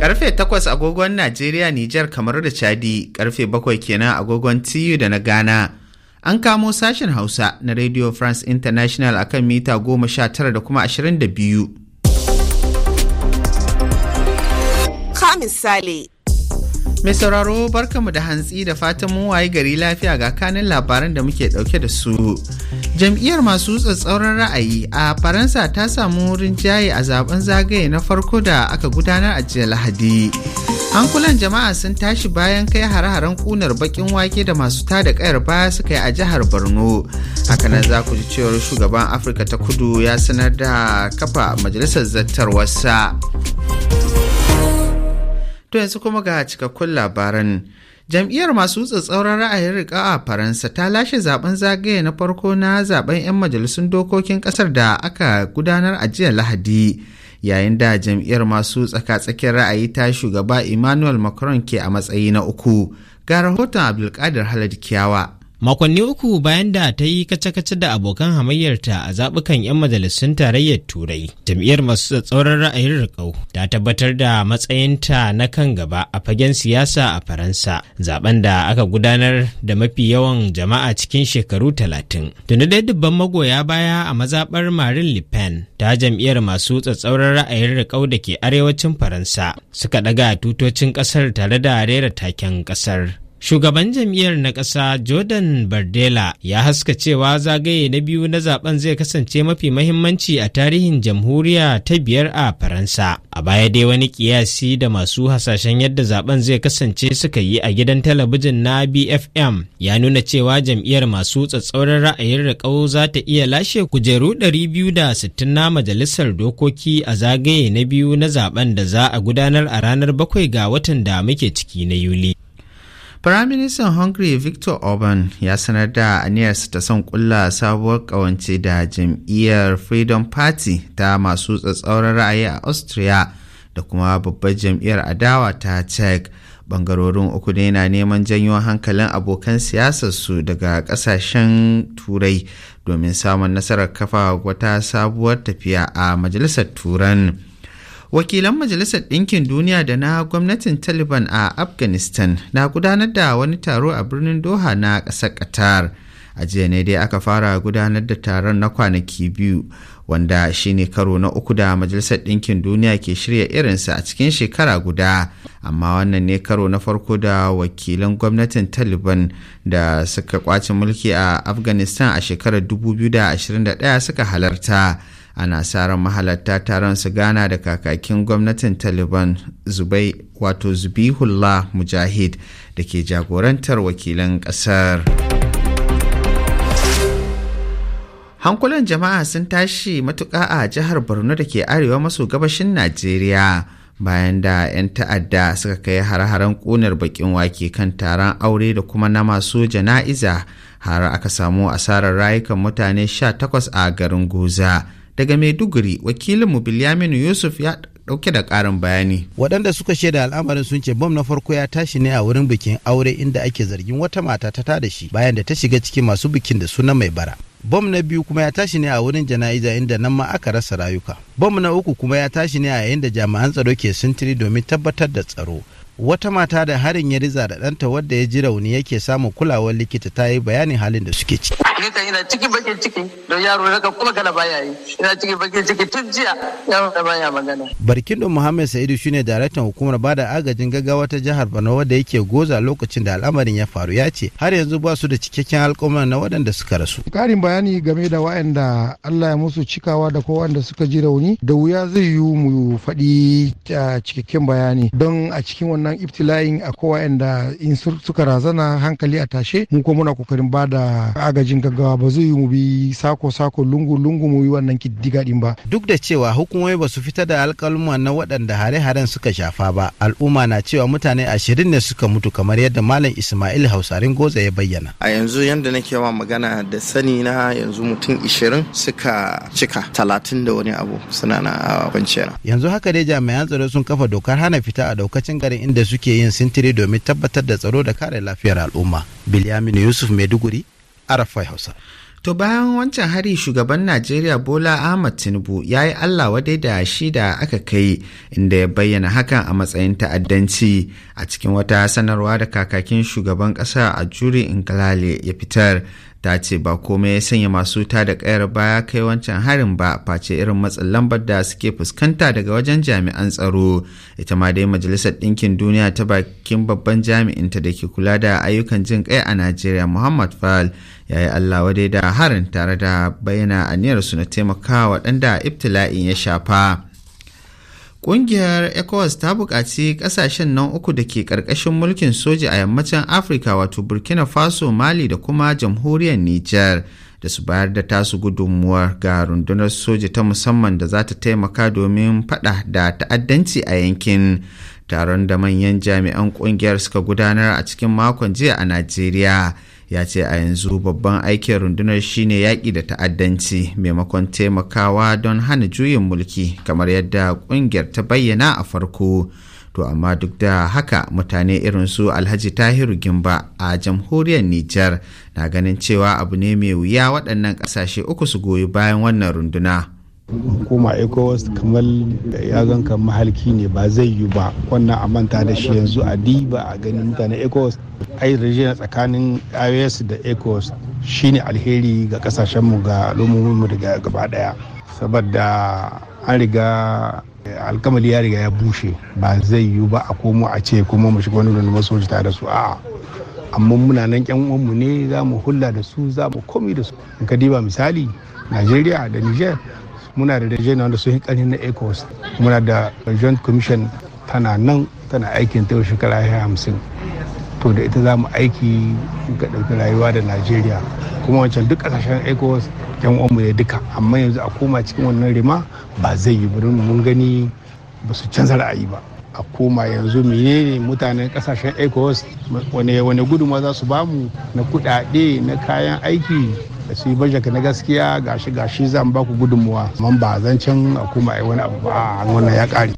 Karfe takwas agogon Najeriya, Nijar, kamar da Chadi, karfe bakwai kenan agogon TU da na Ghana. An kamo sashen Hausa na Radio France International akan mita goma sha tara da kuma 22. Ka misali. Mai sauraro barkamu da hantsi da fatan mu waye gari lafiya ga kanin labaran da muke dauke da su. Jam'iyyar masu tsatsauran ra'ayi a Faransa ta samu rinjaye a zaben zagaye na farko da aka gudanar a jiya Lahadi. Hankulan jama'a sun tashi bayan kai hare-haren kunar bakin wake da masu tada kayar baya suka yi a jihar Borno. Hakanan za ku ji cewar shugaban Afirka ta kudu ya sanar da kafa majalisar zattarwarsa. To yanzu kuma ga cikakkun labaran. Jam'iyyar masu tsatsauran ra'ayin riƙa a Faransa ta lashe zaben zagaye na farko na zaben 'yan majalisun dokokin ƙasar da aka gudanar a jiya Lahadi. Yayin da jam'iyyar masu tsaka-tsakin ra'ayi ta shugaba Emmanuel Macron ke a matsayi na uku. Ga rahoton Abdulkadir Halad Kiyawa. makonni uku bayan da ta yi kace-kace da abokan hamayyarta a zaɓukan 'yan majalisun tarayyar turai jam'iyyar masu tsatsauran ra'ayin rikau ta tabbatar da matsayinta na kan gaba a fagen siyasa a faransa zaben da aka gudanar da mafi yawan jama'a cikin shekaru talatin tuni dai dubban magoya baya a mazaɓar marin le pen ta jam'iyyar masu tsatsauran ra'ayin riƙau da ke arewacin faransa suka ɗaga tutocin ƙasar tare da rera taken ƙasar Shugaban jam'iyyar na ƙasa Jordan Bardella ya haska cewa zagaye na biyu na zaben zai kasance mafi mahimmanci a tarihin jamhuriya ta biyar a Faransa. A baya dai wani kiyasi da masu hasashen yadda zaben zai kasance suka yi a gidan talabijin na BFM ya nuna cewa jam'iyyar masu tsatsauran ra'ayin riƙau za ta iya lashe kujeru 260 na majalisar dokoki a zagaye na biyu na zaben da za a gudanar a ranar bakwai ga watan da muke ciki na Yuli. Firaministan Hungary Viktor Orban ya sanar da aniyarsa ta son kulla sabuwar kawance da jam'iyyar Freedom Party ta masu tsatsauran ra'ayi a Austria da kuma babbar jam'iyyar adawa ta Czech. Bangarorin uku ne na neman janyo hankalin abokan siyasarsu daga kasashen Turai domin samun nasarar kafa wata sabuwar tafiya a Majalisar Turan. wakilan majalisar ɗinkin duniya da na gwamnatin taliban a afghanistan na gudanar da wani taro a birnin doha na ƙasar qatar a jiya ne dai aka fara gudanar da taron na kwanaki biyu wanda shine karo na uku da majalisar ɗinkin duniya ke shirya irinsa a cikin shekara guda amma wannan ne karo na farko da wakilan gwamnatin taliban da suka kwace mulki a afghanistan a shekarar 2021 suka halarta ana sa ran mahalarta taron su gana da kakakin gwamnatin taliban zubai wato zubihullah mujahid da ke jagorantar wakilan kasar hankulan jama'a sun tashi matuƙa a jihar borno da ke arewa maso gabashin najeriya bayan da 'yan ta'adda suka kai har-haren ƙunar bakin wake kan taron aure da kuma na masu jana'iza har aka samu asarar rayukan mutane 18 a garin goza. Daga Maiduguri, wakilinmu Bilyaminu Yusuf ya dauke da karin bayani. Waɗanda suka shaida al'amarin sun ce bom na farko ya tashi ne a wurin bikin aure inda ake zargin wata mata ta tada shi bayan da ta shiga cikin masu bikin da suna mai bara. Bom na biyu kuma ya tashi ne a wurin jana'iza inda nan ma aka rasa rayuka. Bom na uku kuma ya tashi ne a yayin da jami'an tsaro ke sintiri domin tabbatar da tsaro. Wata mata da harin ya riza da ɗanta wadda ya ji rauni yake samun kulawar likita ta yi bayanin halin da suke ciki. ni ina cikin bakin ciki don yaro na kuma kana baya yi ina cikin bakin ciki tun jiya yaro da baya magana barkindo muhammad sa'idu shine daraktan hukumar bada agajin gaggawa ta jihar borno wanda yake goza lokacin da al'amarin ya faru ya ce har yanzu ba su da cikakken alƙawarin na waɗanda suka rasu ƙarin bayani game da waɗanda allah ya musu cikawa da ko waɗanda suka ji rauni da wuya zai yi mu faɗi uh, cikakken bayani don a cikin wannan iftila'in a kowa in suka razana hankali a tashe mu ko muna kokarin bada agajin ga ba zai mu bi sako sako lungu lungu mu yi wannan kiddiga din ba duk da cewa hukumomi ba su fitar da alƙaluma na waɗanda hare-haren suka shafa ba al'umma na cewa mutane ashirin ne suka mutu kamar yadda malam ismail hausarin goza ya bayyana a yanzu yadda nake wa magana da sani na yanzu mutum ishirin suka cika talatin da wani abu suna na kwanciyar yanzu haka dai jami'an tsaro sun kafa dokar hana fita a daukacin garin inda suke yin sintiri domin tabbatar da tsaro da kare lafiyar al'umma Bilyaminu Yusuf Maiduguri arafai hausa To bayan wancan hari shugaban Najeriya Bola Ahmad Tinubu ya yi Allah wadai da shi da aka kai inda ya bayyana hakan a matsayin ta'addanci a cikin wata sanarwa da kakakin shugaban ƙasa a juri Inkalale ya fitar ta ce ba komai ya sanya masu ta da kayar baya kai wancan harin ba face irin matsin lambar da suke fuskanta daga wajen jami'an tsaro ita ma dai majalisar ɗinkin duniya ta bakin babban jami'inta da ke kula da ayyukan jin kai a najeriya muhammad fal ya yi allah wadai da harin tare da bayyana a su na taimakawa waɗanda ibtila'in ya shafa Ƙungiyar ECOWAS ta buƙaci ƙasashen nan uku da ke ƙarƙashin mulkin soja a yammacin Afirka wato Burkina Faso, Mali da kuma jamhuriyar Nijar da su bayar da tasu gudunmuwar ga rundunar soja ta musamman da za ta taimaka domin faɗa da ta'addanci a yankin. Taron da manyan jami'an ƙungiyar suka gudanar a cikin makon jiya a Najeriya. ya ce a yanzu babban aikin rundunar shine yaƙi da ta'addanci maimakon taimakawa don hana juyin mulki kamar yadda ƙungiyar ta bayyana a farko to amma duk da haka mutane irin su alhaji tahiru gimba a jamhuriyar nijar na ganin cewa abu ne mai wuya waɗannan ƙasashe uku su goyi bayan wannan runduna. hukuma ecowas kamar ya ganka mahalki ne ba zai yi ba wannan a manta da shi yanzu a diba a ganin mutane ecowas ai rijiyar tsakanin ios da ecowas shine alheri ga kasashenmu ga al'ummominmu daga gaba daya saboda an riga alkamali ya riga ya bushe ba zai yi ba a komo a ce kuma mu shiga wani rundunar soji tare da su a'a amma muna nan yan uwanmu ne za mu hulla da su za mu komi da su in ka diba misali najeriya da niger muna da na wanda sun yi na ecos muna da joint commission tana nan tana aikin ta shekara hamsin to da ita za mu aiki ga ɗauki rayuwa da najeriya kuma wancan duk ƙasashen ecos yan uwanmu ne duka amma yanzu a koma cikin wannan rima ba zai yi burin mun gani ba su canza ra'ayi ba a koma yanzu menene mutanen kasashen ecos wane wane gudunmawa za su bamu na kudade na kayan aiki su yi baje na gaskiya gashi gashi zan ba ku gudunmuwa man ba can a kuma ai wani abu ba wannan ya kare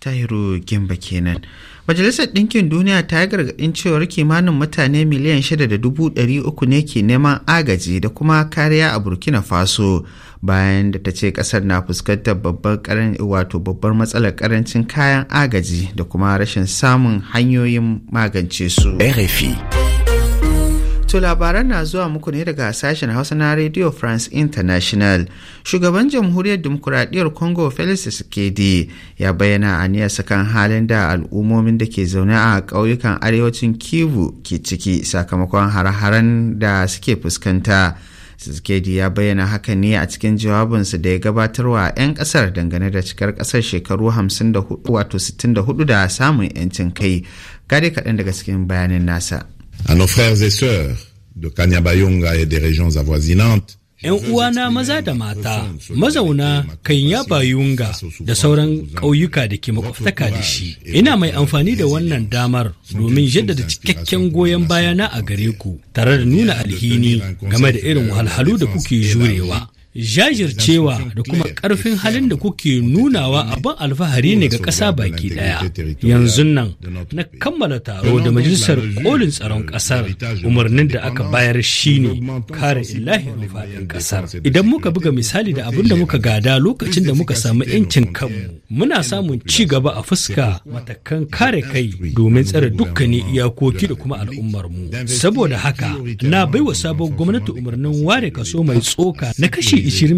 tahiru gimba kenan majalisar ɗinkin duniya ta yi gargaɗin cewar kimanin mutane miliyan 6.300 ne ke neman agaji da kuma kariya a burkina faso bayan da ta ce ƙasar na fuskantar babbar wato babbar matsalar karancin kayan agaji da kuma rashin samun hanyoyin magance su rfi To labaran na zuwa muku ne daga sashen Hausa na Radio France International. Shugaban Jamhuriyar Dimokuraɗiyyar Congo Felix Tshisekedi ya bayyana aniyarsa kan halin da al'ummomin da ke zaune a ƙauyukan arewacin Kivu ke ciki sakamakon har-haren da suke fuskanta. Tshisekedi ya bayyana haka ne a cikin jawabinsa da ya gabatarwa 'yan ƙasar dangane da cikar ƙasar shekaru 54 da samun 'yancin kai. Gade kaɗan daga cikin bayanin nasa. à nos frères et sœurs de Kanyabayonga et des régions avoisinantes 'yan uwana maza da mata mazauna kanya bayunga da sauran ƙauyuka da ke makwabtaka da shi ina mai amfani da wannan damar domin jaddada cikakken goyon bayana a gare ku tare da nuna alhini game da irin wahalhalu da kuke jurewa jajircewa da kuma ƙarfin halin da kuke nunawa a ban alfahari ne ga ƙasa baki ɗaya. yanzu nan na kammala taro da majalisar kolin tsaron ƙasar umarnin da aka bayar shi ne kare ilahin faɗin ƙasar idan muka buga misali da abin da muka gada lokacin da muka samu yancin kanmu muna samun ci gaba a fuska matakan kare kai domin tsare dukkanin iyakoki da kuma al'ummar mu saboda haka na baiwa sabon gwamnati umarnin ware kaso mai tsoka na kashi 20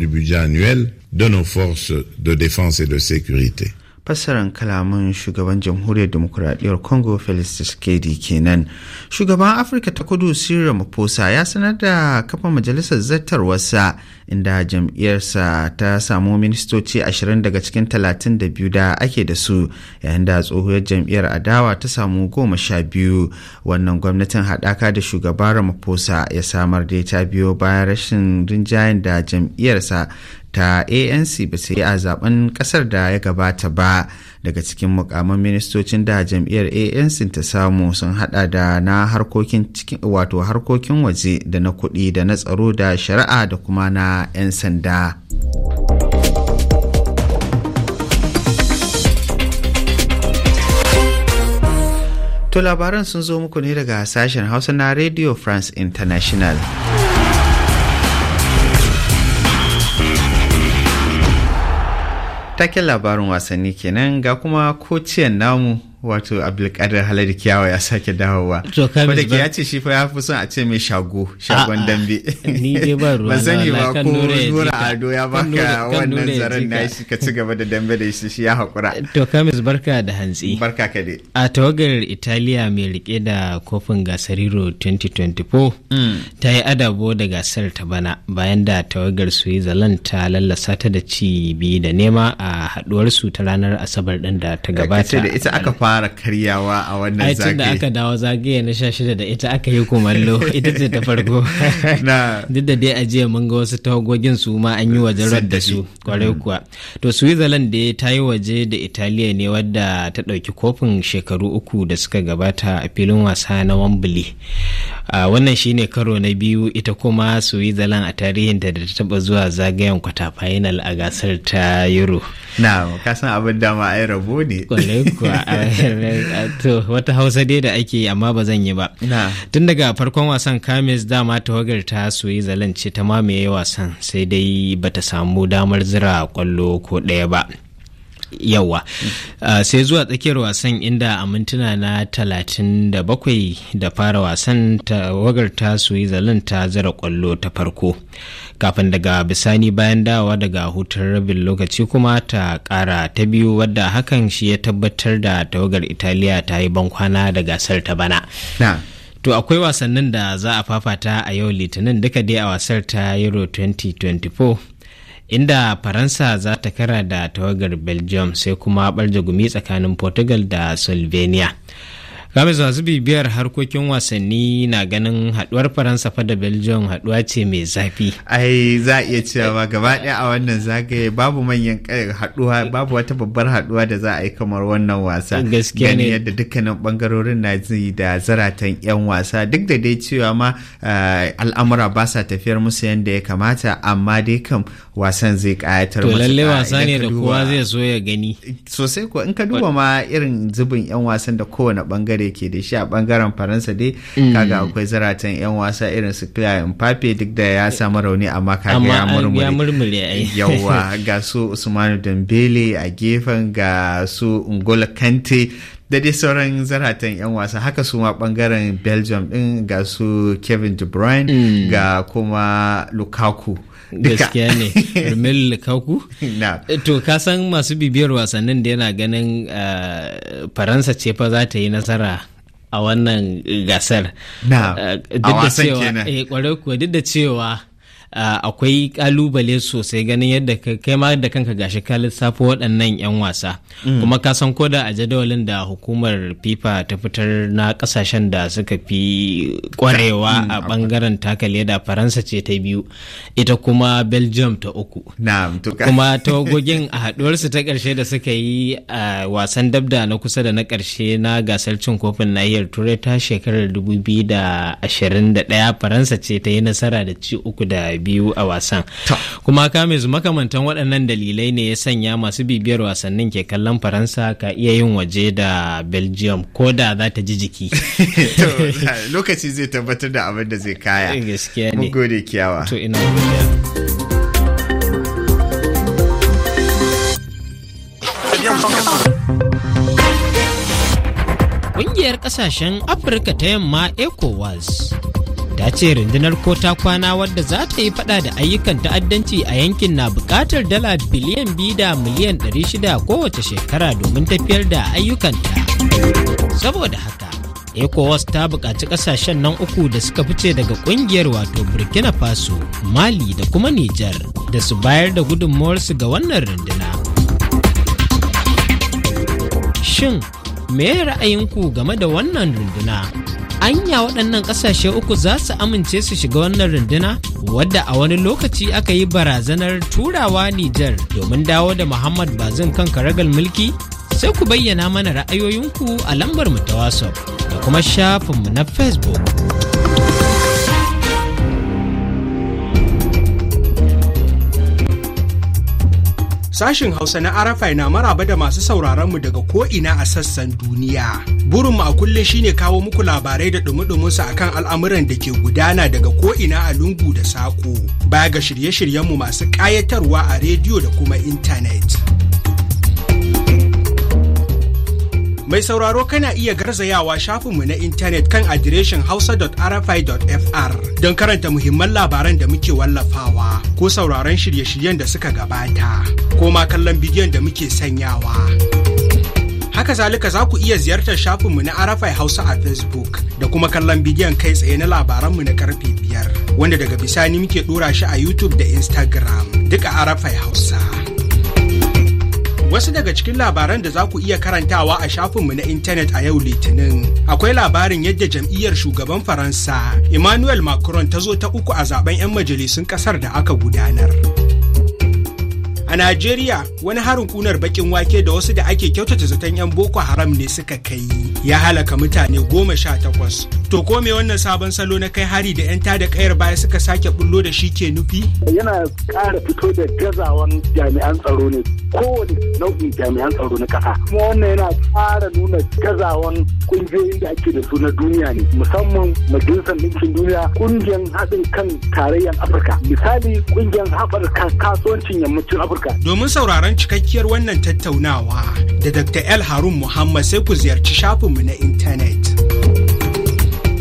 du budget annuel de nos forces de défense et de sécurité. fassarar kalaman shugaban jamhuriyar demokuraɗiyar congo felix tshisekedi kenan shugaban afirka ta kudu cyril ramaphosa ya sanar da kafa majalisar Wasa inda jam'iyyarsa ta samu ministoci 20 daga cikin 32 da ake da su yayin da tsohuwar jam'iyyar adawa ta samu goma sha biyu wannan gwamnatin haɗaka da shugaban ramaphosa ya samar da ta biyo bayan rashin rinjayen da jam'iyyarsa ta anc ba su yi a zaben kasar da ya gabata ba daga cikin mukamman ministocin da jam'iyyar anc ta samu sun hada da na harkokin cikin wato harkokin waje da na kuɗi da na tsaro da shari'a da kuma na 'yan sanda to labaran sun zo muku ne daga sashen hausa na radio france international Taken labarin wasanni kenan ga kuma kociyan namu wato abdulkadir halari kyawa ya sake dawowa wanda ke ya ce shi fa ya fi son a ce mai shago shagon dambe ni dai ba ruwa ba sani ba ko nura ado ya baka wannan zaren na shi ka ci gaba da dambe da shi shi ya haƙura to kamis barka da hantsi barka ka dai a tawagar italiya mai rike da kofin gasariro 2024 mm. ta yi adabo da gasar ta bana bayan da tawagar switzerland ta lallasa ta da ci biyu da nema a haduwarsu ta ranar asabar ɗin da ta gabata ita aka fara fara karyawa a wannan zagaye. Aicin da aka dawo zagaye na sha shida da ita aka yi kumallo ita ce ta farko. Duk da dai a mun ga wasu tawagogin su ma an yi waje rod da su kwarai mm. kuwa. To Switzerland da ta yi waje da Italiya ne wadda ta ɗauki kofin shekaru uku da suka gabata a filin wasa na Wembley. Wannan shi ne karo na biyu ita kuma Switzerland a tarihinta da ta taɓa zuwa zagayen kwata final a gasar ta Euro. Na, kasan abin dama a yi rabo ne. Kwarai kuwa wata hausa dai da ake yi amma ba zan yi ba tun daga farkon wasan kamis dama tawagar ta soyi zalance ta mamaye wasan sai dai bata samu damar zira kwallo ko ɗaya ba yawa ah, sai zuwa tsakiyar wasan inda a mintuna na talatin da bakwai da fara wasan tawagar ta suyi zalin ta zara kwallo ta farko kafin daga bisani bayan dawa daga hutun rabin lokaci kuma ta kara ta biyu wadda hakan shi ya tabbatar da tawagar italiya ta yi bankwana da gasar ta bana To akwai wasannin da za a fafata a yau litinin duka dai a wasar ta Euro 2024 inda faransa za ta kara da tawagar belgium sai kuma barjagumi tsakanin portugal da slovenia Gabe Zazu bibiyar harkokin wasanni na ganin haduwar Faransa fa da Belgium haduwa ce mai zafi. Ai za a iya cewa gaba ɗaya a wannan zagaye babu manyan haduwa babu wata babbar haduwa da za a yi kamar wannan wasa. Gaskiya ne. yadda dukkanin bangarorin na ji da zaratan 'yan wasa duk da dai cewa ma eh, al'amura ba sa tafiyar musu yadda ya kamata amma dai kam wasan zai kayatar musu. To lalle wasa ne da kowa zai so ya gani. Sosai ko in ka duba ma irin zubin 'yan wasan da kowane bangare da ke da shi a bangaren Faransa dai mm. kaga akwai zaratan 'yan wasa irin su Kylian Mbappe duk da ya samu rauni amma kaga ya murmure yawa ga su Usmanu Dembele a gefen ga su N'Golo Kante da dai sauran zaratan 'yan wasa haka su ma bangaren belgium din ga su kevin de bruyne mm. ga kuma lukaku gaskiya ne rumel lukaku eh, to ka san masu bibiyar wasannin da yana ganin eh, faransa ce fa za ta yi nasara a wannan gasar duk da cewa da cewa Ah, akwai kalubale sosai ganin yadda kai ma da kanka gashi ka lissafo waɗannan 'yan wasa mm. kuma ka san koda a jadawalin da hukumar fifa ta fitar na ƙasashen da suka fi kwarewa mm, a bangaren taka leda faransa ce ta biyu ita kuma belgium ta uku kuma tawagogin a haɗuwarsu ta karshe da suka yi a wasan dabda na kusa da na ƙarshe na gasar cin kofin nahiyar turai ta shekarar 2021 faransa ce ta yi nasara da ci uku da biyu a wasan kuma kamis makamantan waɗannan dalilai ne ya sanya masu bibiyar wasannin ke kallon faransa ka iya yin waje da belgium ko da za ta ji jiki lokaci zai tabbatar da abin da zai kaya eh, gaskiya ne gode kiyawa to ina Ƙungiyar ƙasashen Afirka ta yamma ECOWAS ya ce rundunar ko ta kwana wadda za ta yi fada da ayyukan ta'addanci a yankin na bukatar dala biliyan biyu da miliyan ɗari shida kowace shekara domin tafiyar da ayyukanta saboda haka ecowas ta buƙaci ƙasashen nan uku da suka fice daga ƙungiyar wato burkina faso mali da kuma nijar da su bayar da gudunmawarsu ga wannan runduna shin me ra'ayinku game da wannan runduna anya waɗannan ƙasashe uku za su amince su shiga wannan runduna wadda a wani lokaci aka yi barazanar turawa Nijar domin dawo da Muhammad Bazin kan karagal mulki sai ku bayyana mana ra'ayoyinku a lambar mu ta WhatsApp da kuma shafinmu na Facebook. Sashin Hausa na Arafai na maraba da masu sauraronmu daga ko'ina a sassan duniya. Burin mu a kullum shine kawo muku labarai da dumi-duminsu akan al'amuran da ke gudana daga ko'ina a lungu da saƙo. Baya ga shirye-shiryenmu masu ƙayatarwa a rediyo da kuma intanet. Mai sauraro kana iya garzayawa shafinmu na intanet kan adireshin hausa.rfi.fr don karanta muhimman labaran da muke wallafawa ko sauraron shirye-shiryen da suka gabata ko ma kallon bidiyon da muke sanyawa. Haka zalika za ku iya ziyartar shafinmu na Arafai Hausa a Facebook da kuma kallon bidiyon kai tsaye na labaranmu na karfe biyar wanda daga bisani muke dora shi a YouTube da Instagram duka Arafai Hausa. Wasu daga cikin labaran da za ku iya karantawa a shafinmu na intanet a yau Litinin. Akwai labarin yadda jam'iyyar shugaban Faransa Emmanuel Macron ta zo ta uku a zaben 'yan majalisun ƙasar da aka gudanar. A Najeriya wani harin kunar bakin wake da wasu da ake kyautata zaton 'yan Boko Haram ne suka kai ya halaka mutane goma sha takwas. To ko me wannan sabon salo na kai hari da 'yan tada kayar baya suka sake bullo da shi ke nufi? Yana ƙara fito da gazawan jami'an tsaro ne kowane nau'in jami'an tsaro na ƙasa. Kuma wannan yana ƙara nuna gazawan ƙungiyoyin da ake da su na duniya ne musamman majalisar ɗinkin duniya ƙungiyar haɗin kan tarayyar Afirka misali ƙungiyar haɓar kasuwancin yammacin Afirka Amurka. Domin sauraron cikakkiyar wannan tattaunawa da Dr. El Harun Muhammad sai ku ziyarci shafinmu na intanet.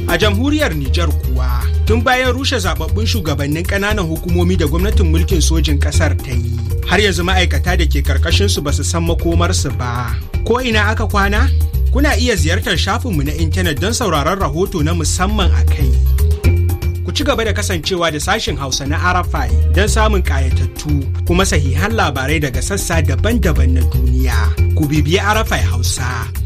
A jamhuriyar Nijar kuwa tun bayan rushe zababbun shugabannin ƙananan hukumomi da gwamnatin mulkin sojin ƙasar ta yi. Har yanzu ma'aikata da ke su ba su san makomarsu ba. Ko ina aka kwana? Kuna iya ziyartar shafinmu na intanet don sauraron rahoto na musamman a kai. ku ci gaba da kasancewa da sashin Hausa na Arafai don samun ƙayatattu kuma sahihan labarai daga sassa daban-daban na duniya. Ku bibiyi Arafai Hausa.